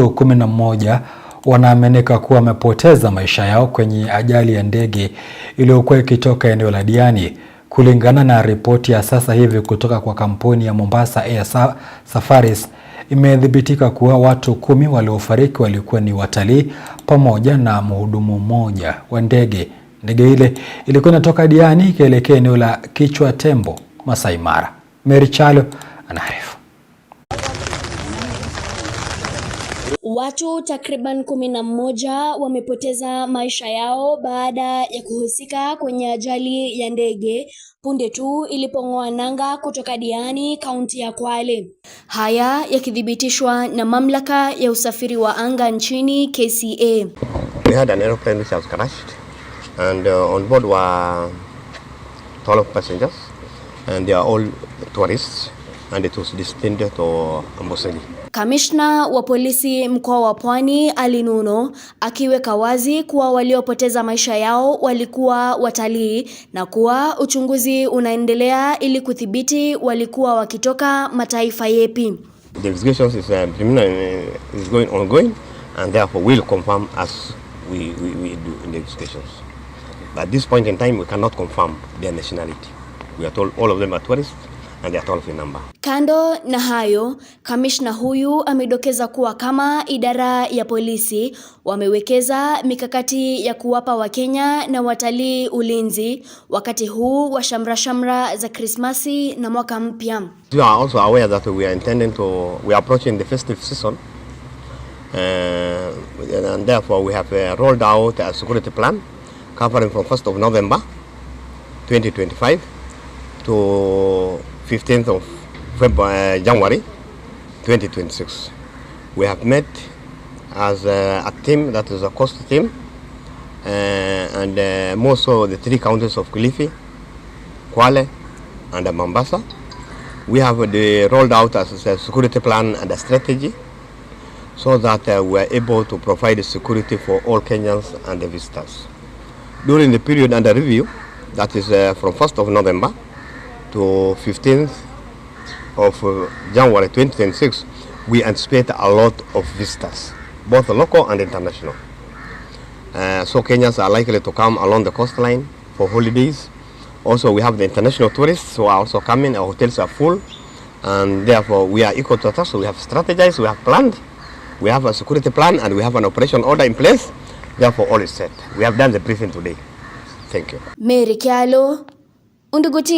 watu mmoja wanaaminika kuwa wamepoteza maisha yao kwenye ajali ya ndege iliyokuwa ikitoka eneo la Diani. Kulingana na ripoti ya sasa hivi kutoka kwa kampuni ya Mombasa Air Safaris, imethibitika kuwa watu kumi waliofariki walikuwa ni watalii pamoja na mhudumu mmoja wa ndege. Ndege ile ilikuwa inatoka Diani ikielekea eneo la Kichwa Tembo, Masai Mara. anaarifu. Watu takriban kumi na mmoja wamepoteza maisha yao baada ya kuhusika kwenye ajali ya ndege punde tu ilipong'oa nanga kutoka Diani, kaunti ya Kwale. Haya yakithibitishwa na mamlaka ya usafiri wa anga nchini KCA. We had an aeroplane which has crashed and uh, on board were 12 passengers and they are all tourists and it was destined to Amboseli. Kamishna wa polisi mkoa wa Pwani Ali Nuno akiweka wazi kuwa waliopoteza maisha yao walikuwa watalii na kuwa uchunguzi unaendelea ili kudhibiti walikuwa wakitoka mataifa yepi. The investigation is, uh, uh is going ongoing and therefore will confirm as we, we, we do in the investigations. But at this point in time we cannot confirm their nationality. We are told all of them are tourists. Kando na hayo, kamishna huyu amedokeza kuwa kama idara ya polisi wamewekeza mikakati ya kuwapa Wakenya na watalii ulinzi wakati huu wa shamra-shamra za Krismasi na mwaka mpya. We are also aware that we are intending to we are approaching the festive season uh, and therefore we have uh, rolled out a security plan covering from 1st of November 2025 to 15th of February, uh, January 2026. We have met as a, uh, a team that is a cost team uh, and uh, more so the three counties of Kilifi, Kwale and Mombasa. We have uh, rolled out as a security plan and a strategy so that uh, we are able to provide security for all Kenyans and the visitors. During the period under review, that is uh, from 1st of November to 15th of uh, January 2026, we anticipate a lot of visitors, both local and international. Uh, so Kenyans are likely to come along the coastline for holidays. Also, we have the international tourists who are also coming. Our hotels are full, and therefore we are equal to a task. So we have strategized, we have planned, we have a security plan, and we have an operation order in place. Therefore, all is set. We have done the briefing today. Thank you. Mary Kialo, Undugu